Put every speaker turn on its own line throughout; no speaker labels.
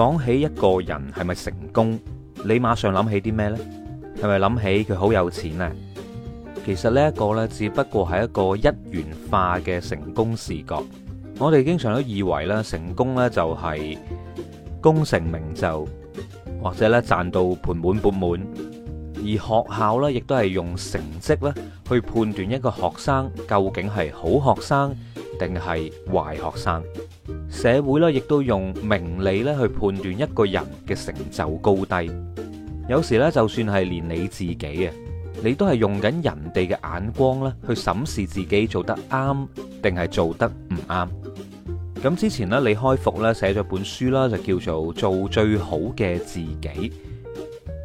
講起一個人係咪成功，你馬上諗起啲咩呢？係咪諗起佢好有錢呢？其實呢一個呢，只不過係一個一元化嘅成功視角。我哋經常都以為咧，成功呢，就係功成名就，或者呢，賺到盆滿鉢滿。而學校呢，亦都係用成績呢，去判斷一個學生究竟係好學生定係壞學生。社會咧，亦都用名利咧去判斷一個人嘅成就高低。有時咧，就算係連你自己啊，你都係用緊人哋嘅眼光咧去審視自己做得啱定係做得唔啱。咁之前咧，李開復咧寫咗本書啦，就叫做做最好嘅自己。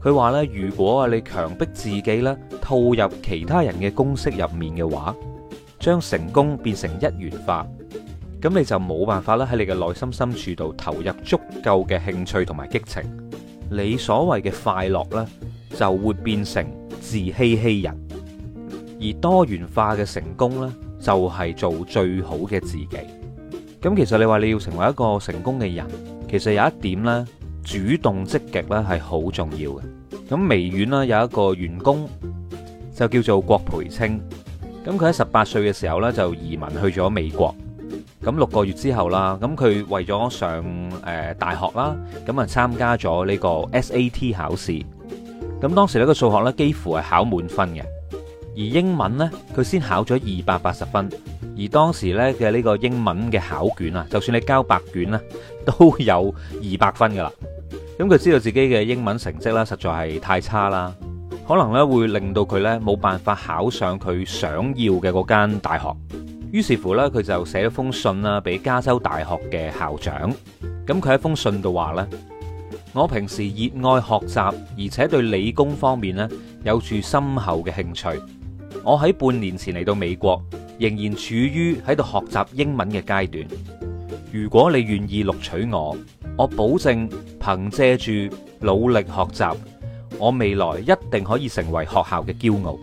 佢話咧，如果啊你強迫自己咧套入其他人嘅公式入面嘅話，將成功變成一元化。咁你就冇辦法啦，喺你嘅內心深處度投入足夠嘅興趣同埋激情，你所謂嘅快樂呢就會變成自欺欺人，而多元化嘅成功呢就係做最好嘅自己。咁其實你話你要成為一個成功嘅人，其實有一點呢主動積極呢係好重要嘅。咁微軟啦有一個員工就叫做郭培青，咁佢喺十八歲嘅時候呢就移民去咗美國。咁六個月之後啦，咁佢為咗上誒大學啦，咁啊參加咗呢個 SAT 考試。咁當時呢個數學呢幾乎係考滿分嘅，而英文呢，佢先考咗二百八十分。而當時呢嘅呢個英文嘅考卷啊，就算你交白卷啦，都有二百分㗎喇。咁佢知道自己嘅英文成績啦，實在係太差啦，可能呢會令到佢呢冇辦法考上佢想要嘅嗰間大學。於是乎咧，佢就寫咗封信啦，俾加州大學嘅校長。咁佢喺封信度話咧，我平時熱愛學習，而且對理工方面咧有住深厚嘅興趣。我喺半年前嚟到美國，仍然處於喺度學習英文嘅階段。如果你願意錄取我，我保證憑借住努力學習，我未來一定可以成為學校嘅驕傲。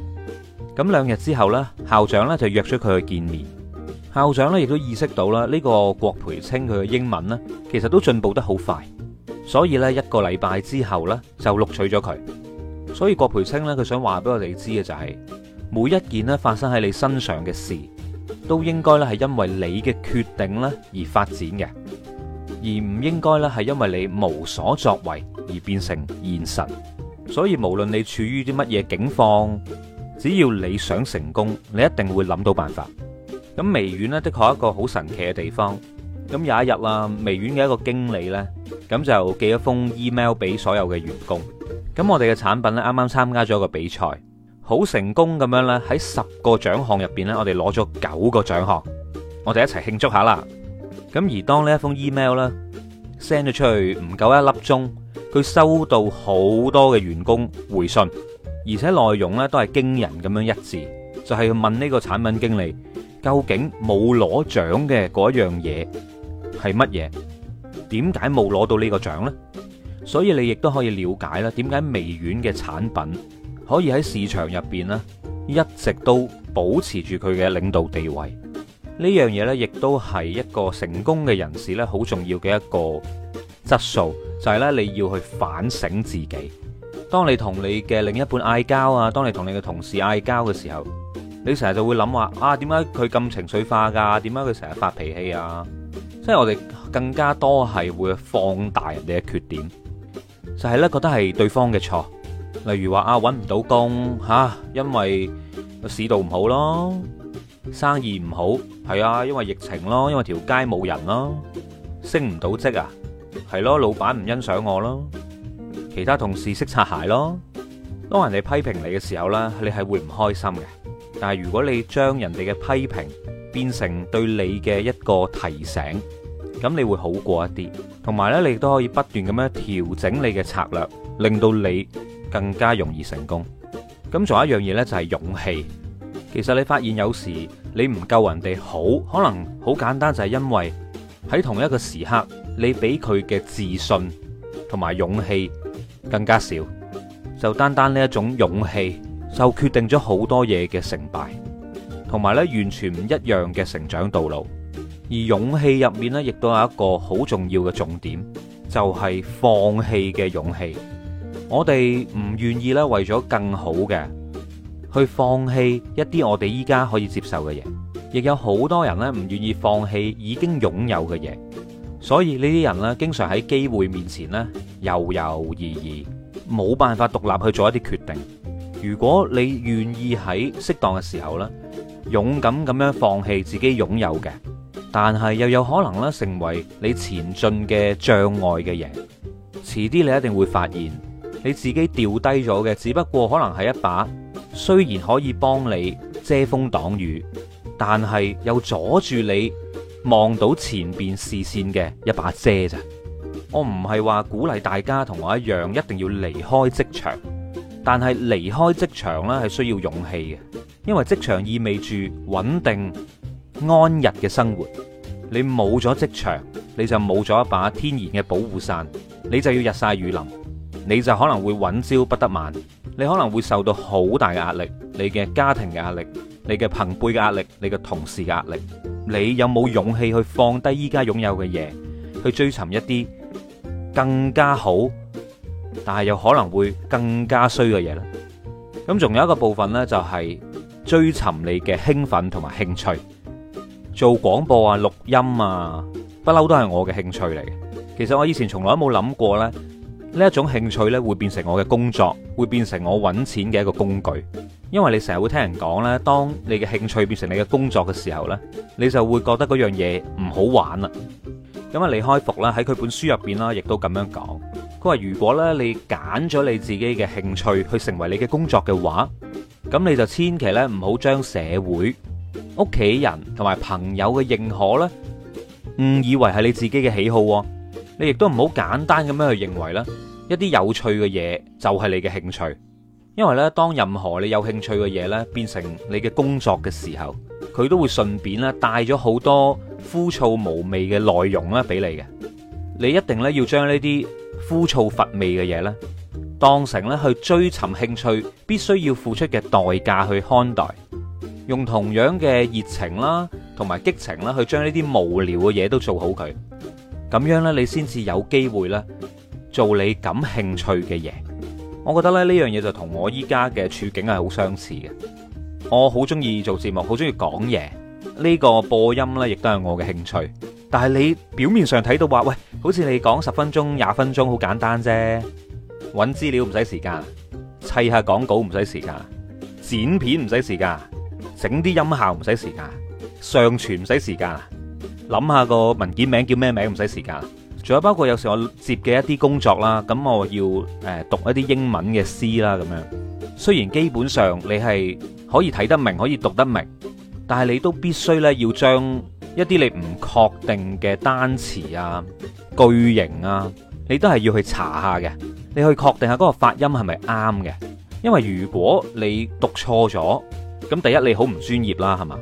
咁兩日之後呢，校長咧就約咗佢去見面。校長咧亦都意識到啦，呢個郭培青佢嘅英文呢，其實都進步得好快，所以呢，一個禮拜之後呢，就錄取咗佢。所以郭培青呢，佢想話俾我哋知嘅就係，每一件咧發生喺你身上嘅事，都應該咧係因為你嘅決定咧而發展嘅，而唔應該咧係因為你無所作為而變成現實。所以無論你處於啲乜嘢境況，只要你想成功，你一定會諗到辦法。咁微軟呢，的確係一個好神奇嘅地方。咁有一日啦，微軟嘅一個經理呢，咁就寄一封 email 俾所有嘅員工。咁我哋嘅產品呢，啱啱參加咗一個比賽，好成功咁樣咧，喺十個獎項入邊呢，我哋攞咗九個獎項。我哋一齊慶祝下啦。咁而當呢一封 email 呢 send 咗出去唔夠一粒鐘，佢收到好多嘅員工回信，而且內容呢都係驚人咁樣一致，就係問呢個產品經理。究竟冇攞獎嘅嗰一樣嘢係乜嘢？點解冇攞到呢個獎呢？所以你亦都可以了解啦，點解微軟嘅產品可以喺市場入邊呢一直都保持住佢嘅領導地位？呢樣嘢呢，亦都係一個成功嘅人士呢好重要嘅一個質素，就係呢：你要去反省自己。當你同你嘅另一半嗌交啊，當你同你嘅同事嗌交嘅時候。你成日就會諗話啊，點解佢咁情緒化㗎，啊？點解佢成日發脾氣啊？即係我哋更加多係會放大人哋嘅缺點，就係、是、咧覺得係對方嘅錯。例如話啊，揾唔到工吓，啊，因為個市道唔好咯，生意唔好，係啊，因為疫情咯，因為條街冇人咯，升唔到職啊，係咯，老闆唔欣賞我咯，其他同事識擦鞋咯。當人哋批評你嘅時候咧，你係會唔開心嘅。但係如果你將人哋嘅批評變成對你嘅一個提醒，咁你會好過一啲。同埋呢，你都可以不斷咁樣調整你嘅策略，令到你更加容易成功。咁仲有一樣嘢呢，就係勇氣。其實你發現有時你唔夠人哋好，可能好簡單就係因為喺同一個時刻，你俾佢嘅自信同埋勇氣更加少。就單單呢一種勇氣。就決定咗好多嘢嘅成敗，同埋咧完全唔一樣嘅成長道路。而勇氣入面咧，亦都有一個好重要嘅重點，就係放棄嘅勇氣。我哋唔願意咧為咗更好嘅，去放棄一啲我哋依家可以接受嘅嘢。亦有好多人咧唔願意放棄已經擁有嘅嘢，所以呢啲人咧經常喺機會面前咧猶猶豫豫，冇辦法獨立去做一啲決定。如果你願意喺適當嘅時候咧，勇敢咁樣放棄自己擁有嘅，但係又有可能咧成為你前進嘅障礙嘅嘢。遲啲你一定會發現你自己掉低咗嘅，只不過可能係一把雖然可以幫你遮風擋雨，但係又阻住你望到前邊視線嘅一把遮咋。我唔係話鼓勵大家同我一樣，一定要離開職場。但係離開職場咧，係需要勇氣嘅，因為職場意味住穩定安逸嘅生活。你冇咗職場，你就冇咗一把天然嘅保護傘，你就要日曬雨淋，你就可能會揾朝不得晚，你可能會受到好大嘅壓力，你嘅家庭嘅壓力，你嘅朋輩嘅壓力，你嘅同事嘅壓力。你有冇勇氣去放低依家擁有嘅嘢，去追尋一啲更加好？但係又可能會更加衰嘅嘢咧。咁仲有一個部分呢，就係追尋你嘅興奮同埋興趣。做廣播啊、錄音啊，不嬲都係我嘅興趣嚟。其實我以前從來都冇諗過呢，呢一種興趣呢會變成我嘅工作，會變成我揾錢嘅一個工具。因為你成日會聽人講呢，當你嘅興趣變成你嘅工作嘅時候呢，你就會覺得嗰樣嘢唔好玩啦。咁啊，李開復咧喺佢本書入邊啦，亦都咁樣講。佢話如果咧你揀咗你自己嘅興趣去成為你嘅工作嘅話，咁你就千祈咧唔好將社會、屋企人同埋朋友嘅認可咧誤以為係你自己嘅喜好。你亦都唔好簡單咁樣去認為啦，一啲有趣嘅嘢就係你嘅興趣。因為咧，當任何你有興趣嘅嘢咧變成你嘅工作嘅時候，佢都會順便咧帶咗好多。枯燥無味嘅內容啦，俾你嘅，你一定咧要將呢啲枯燥乏味嘅嘢呢，當成咧去追尋興趣必須要付出嘅代價去看待，用同樣嘅熱情啦，同埋激情啦，去將呢啲無聊嘅嘢都做好佢，咁樣呢，你先至有機會呢做你感興趣嘅嘢。我覺得咧呢樣嘢就同我依家嘅處境係好相似嘅，我好中意做節目，好中意講嘢。呢個播音呢，亦都係我嘅興趣。但係你表面上睇到話，喂，好似你講十分鐘、廿分鐘好簡單啫，搵資料唔使時間，砌下講稿唔使時間，剪片唔使時間，整啲音效唔使時間，上傳唔使時間，諗下個文件名叫咩名唔使時間。仲有包括有時我接嘅一啲工作啦，咁我要誒讀一啲英文嘅詩啦，咁樣。雖然基本上你係可以睇得明，可以讀得明。但係你都必須咧，要將一啲你唔確定嘅單詞啊、句型啊，你都係要去查下嘅。你去確定下嗰個發音係咪啱嘅？因為如果你讀錯咗，咁第一你好唔專業啦，係嘛？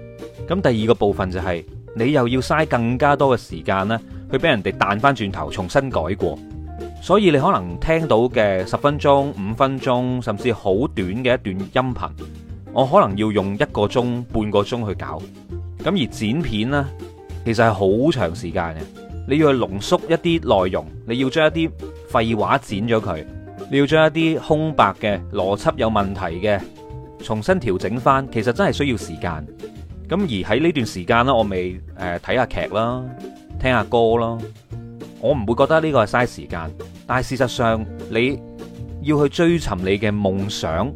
咁第二個部分就係、是、你又要嘥更加多嘅時間咧，去俾人哋彈翻轉頭，重新改過。所以你可能聽到嘅十分鐘、五分鐘，甚至好短嘅一段音頻。我可能要用一個鐘、半個鐘去搞，咁而剪片呢，其實係好長時間嘅。你要去濃縮一啲內容，你要將一啲廢話剪咗佢，你要將一啲空白嘅、邏輯有問題嘅，重新調整翻，其實真係需要時間。咁而喺呢段時間呢，我未誒睇下劇啦，聽下歌囉，我唔會覺得呢個係嘥時間。但係事實上，你要去追尋你嘅夢想。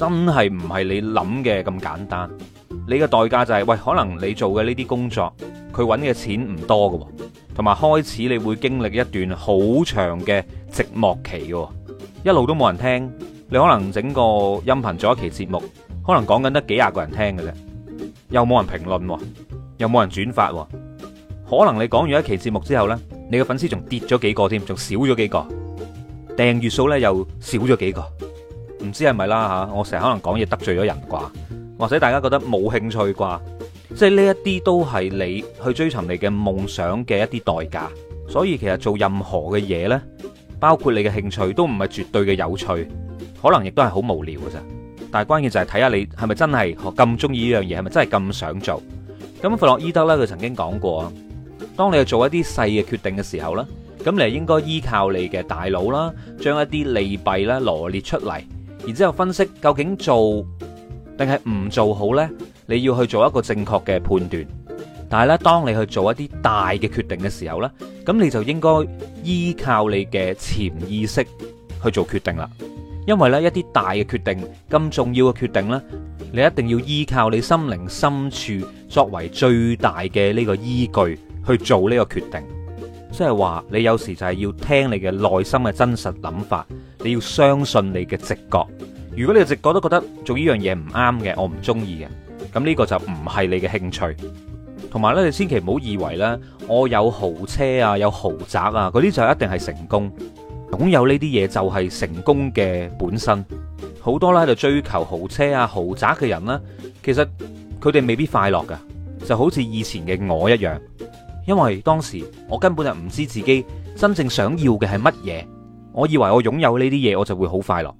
真係唔係你諗嘅咁簡單，你嘅代價就係、是、喂，可能你做嘅呢啲工作，佢揾嘅錢唔多嘅、哦，同埋開始你會經歷一段好長嘅寂寞期嘅、哦，一路都冇人聽，你可能整個音頻做一期節目，可能講緊得幾廿個人聽嘅啫，又冇人評論、哦，又冇人轉發、哦，可能你講完一期節目之後呢，你嘅粉絲仲跌咗幾個添，仲少咗幾個，訂閱數呢又少咗幾個。唔知係咪啦吓，我成日可能講嘢得罪咗人啩，或者大家覺得冇興趣啩，即係呢一啲都係你去追尋你嘅夢想嘅一啲代價。所以其實做任何嘅嘢呢，包括你嘅興趣，都唔係絕對嘅有趣，可能亦都係好無聊嘅啫。但係關鍵就係睇下你係咪真係咁中意呢樣嘢，係咪真係咁想做？咁弗洛伊德呢，佢曾經講過，當你係做一啲細嘅決定嘅時候呢，咁你係應該依靠你嘅大腦啦，將一啲利弊咧羅列出嚟。然之後分析究竟做定係唔做好呢？你要去做一個正確嘅判斷。但係咧，當你去做一啲大嘅決定嘅時候呢，咁你就應該依靠你嘅潛意識去做決定啦。因為呢，一啲大嘅決定，咁重要嘅決定呢，你一定要依靠你心靈深處作為最大嘅呢個依據去做呢個決定。即係話，你有時就係要聽你嘅內心嘅真實諗法。你要相信你嘅直覺，如果你嘅直覺都覺得做呢樣嘢唔啱嘅，我唔中意嘅，咁呢個就唔係你嘅興趣。同埋呢，你千祈唔好以為呢，我有豪車啊，有豪宅啊，嗰啲就一定係成功。擁有呢啲嘢就係成功嘅本身。好多呢喺度追求豪車啊、豪宅嘅人呢，其實佢哋未必快樂噶，就好似以前嘅我一樣，因為當時我根本就唔知自己真正想要嘅係乜嘢。我以為我擁有呢啲嘢，我就會好快樂。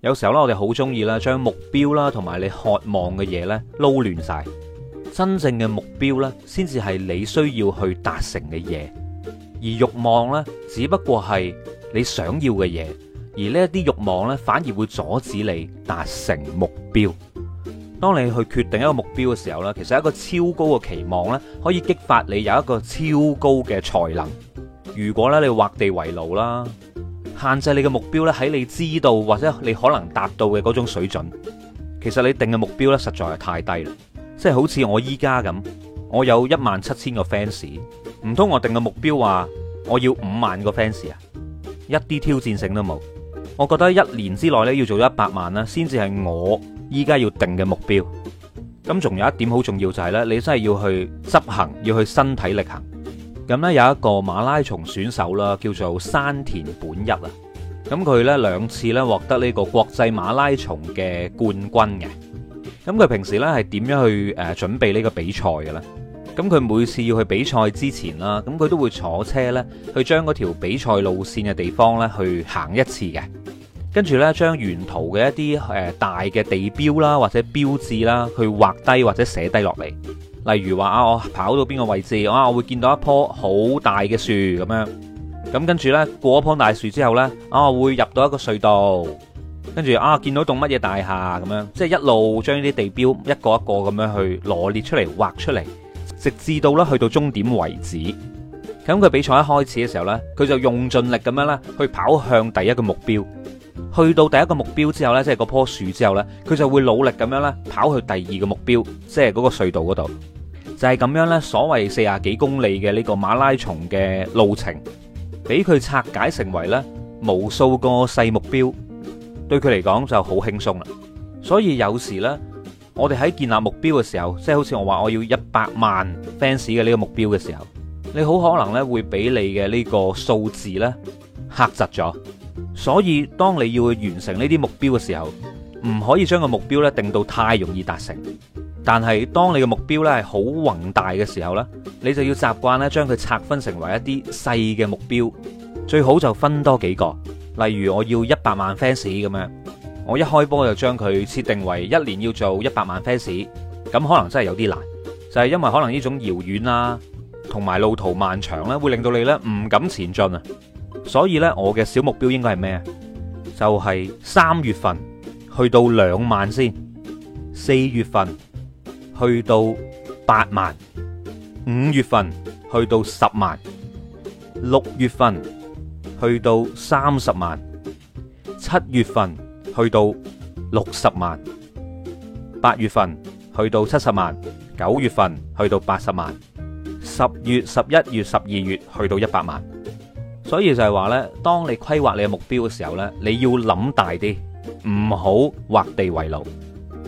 有時候咧，我哋好中意啦，將目標啦同埋你渴望嘅嘢咧撈亂晒。真正嘅目標呢，先至係你需要去達成嘅嘢。而慾望呢，只不過係你想要嘅嘢。而呢一啲慾望呢，反而會阻止你達成目標。當你去決定一個目標嘅時候呢，其實一個超高嘅期望呢，可以激發你有一個超高嘅才能。如果咧，你畫地為牢啦，限制你嘅目標咧喺你知道或者你可能達到嘅嗰種水準，其實你定嘅目標咧實在係太低啦，即係好似我依家咁，我有一萬七千個 fans，唔通我定嘅目標話我要五萬個 fans 啊，一啲挑戰性都冇。我覺得一年之內咧要做一百萬啦，先至係我依家要定嘅目標。咁仲有一點好重要就係咧，你真係要去執行，要去身體力行。咁咧有一個馬拉松選手啦，叫做山田本一啊。咁佢咧兩次咧獲得呢個國際馬拉松嘅冠軍嘅。咁佢平時咧係點樣去誒準備呢個比賽嘅咧？咁佢每次要去比賽之前啦，咁佢都會坐車咧去將嗰條比賽路線嘅地方咧去行一次嘅，跟住咧將沿途嘅一啲誒大嘅地標啦或者標誌啦去畫低或者寫低落嚟。例如話啊，我跑到邊個位置啊，我會見到一棵好大嘅樹咁樣，咁跟住呢，過一棵大樹之後呢，啊，我會入到一個隧道，跟住啊見到棟乜嘢大廈咁樣，即係一路將啲地標一個一個咁樣去羅列出嚟、畫出嚟，直至到啦去到終點為止。咁佢比賽一開始嘅時候呢，佢就用盡力咁樣咧去跑向第一個目標。去到第一個目標之後呢，即係嗰棵樹之後呢，佢就會努力咁樣咧跑去第二個目標，即係嗰個隧道嗰度。就係咁樣咧，所謂四十幾公里嘅呢個馬拉松嘅路程，俾佢拆解成為呢無數個細目標，對佢嚟講就好輕鬆啦。所以有時呢，我哋喺建立目標嘅時候，即係好似我話我要一百萬 fans 嘅呢個目標嘅時候，你好可能呢會俾你嘅呢個數字呢吓窒咗。所以當你要去完成呢啲目標嘅時候，唔可以將個目標呢定到太容易達成。但係，當你嘅目標咧係好宏大嘅時候呢，你就要習慣咧，將佢拆分成為一啲細嘅目標，最好就分多幾個。例如我要一百萬 fans 咁樣，我一開波就將佢設定為一年要做一百萬 fans，咁可能真係有啲難，就係因為可能呢種遙遠啦，同埋路途漫長咧，會令到你咧唔敢前進啊。所以呢，我嘅小目標應該係咩？就係三月份去到兩萬先，四月份。去到八萬，五月份去到十萬，六月份去到三十萬，七月份去到六十萬，八月份去到七十萬，九月份去到八十萬，十月、十一月、十二月去到一百萬。所以就係話呢，當你規劃你嘅目標嘅時候呢，你要諗大啲，唔好畫地為牢。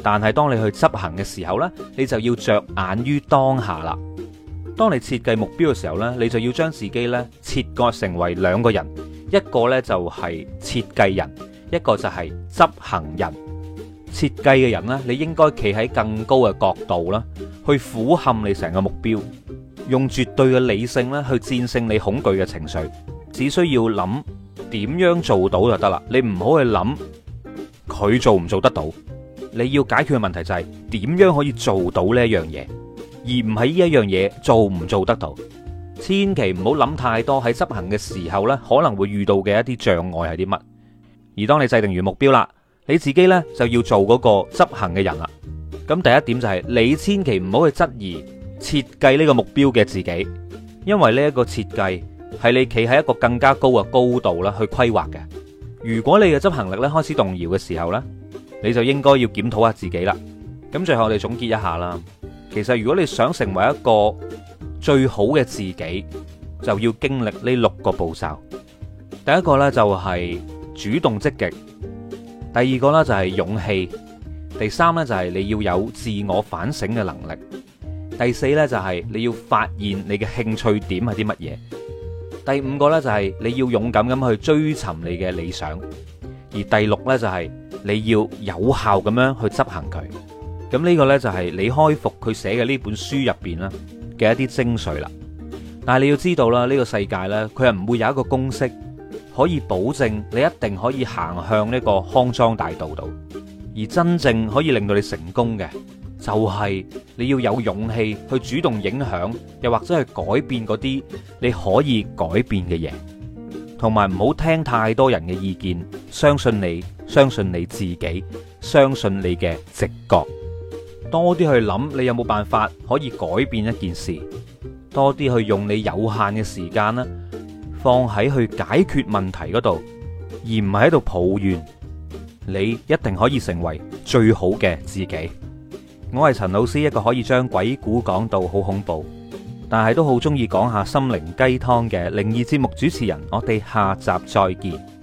但係，當你去執行嘅時候呢，你就要着眼於當下啦。當你設計目標嘅時候呢，你就要將自己呢切割成為兩個人，一個呢就係設計人，一個就係執行人。設計嘅人呢，你應該企喺更高嘅角度啦，去俯瞰你成個目標，用絕對嘅理性咧去戰勝你恐懼嘅情緒。只需要諗點樣做到就得啦。你唔好去諗佢做唔做得到。你要解決嘅問題就係點樣可以做到呢一樣嘢，而唔係呢一樣嘢做唔做得到。千祈唔好諗太多喺執行嘅時候咧，可能會遇到嘅一啲障礙係啲乜。而當你制定完目標啦，你自己呢就要做嗰個執行嘅人啦。咁第一點就係你千祈唔好去質疑設計呢個目標嘅自己，因為呢一個設計係你企喺一個更加高嘅高度啦去規劃嘅。如果你嘅執行力咧開始動搖嘅時候咧。你就應該要檢討下自己啦。咁最後我哋總結一下啦。其實如果你想成為一個最好嘅自己，就要經歷呢六個步驟。第一個呢，就係主動積極，第二個呢，就係勇氣，第三呢，就係你要有自我反省嘅能力，第四呢，就係你要發現你嘅興趣點係啲乜嘢，第五個呢，就係你要勇敢咁去追尋你嘅理想，而第六呢，就係、是。你要有效咁樣去執行佢，咁呢個呢，就係李開復佢寫嘅呢本書入邊啦嘅一啲精髓啦。但係你要知道啦，呢個世界呢，佢係唔會有一個公式可以保證你一定可以行向呢個康莊大道度，而真正可以令到你成功嘅，就係你要有勇氣去主動影響，又或者去改變嗰啲你可以改變嘅嘢，同埋唔好聽太多人嘅意見，相信你。相信你自己，相信你嘅直覺，多啲去諗你有冇辦法可以改變一件事，多啲去用你有限嘅時間啦，放喺去解決問題嗰度，而唔係喺度抱怨。你一定可以成為最好嘅自己。我係陳老師，一個可以將鬼故講到好恐怖，但係都好中意講下心靈雞湯嘅靈異節目主持人。我哋下集再見。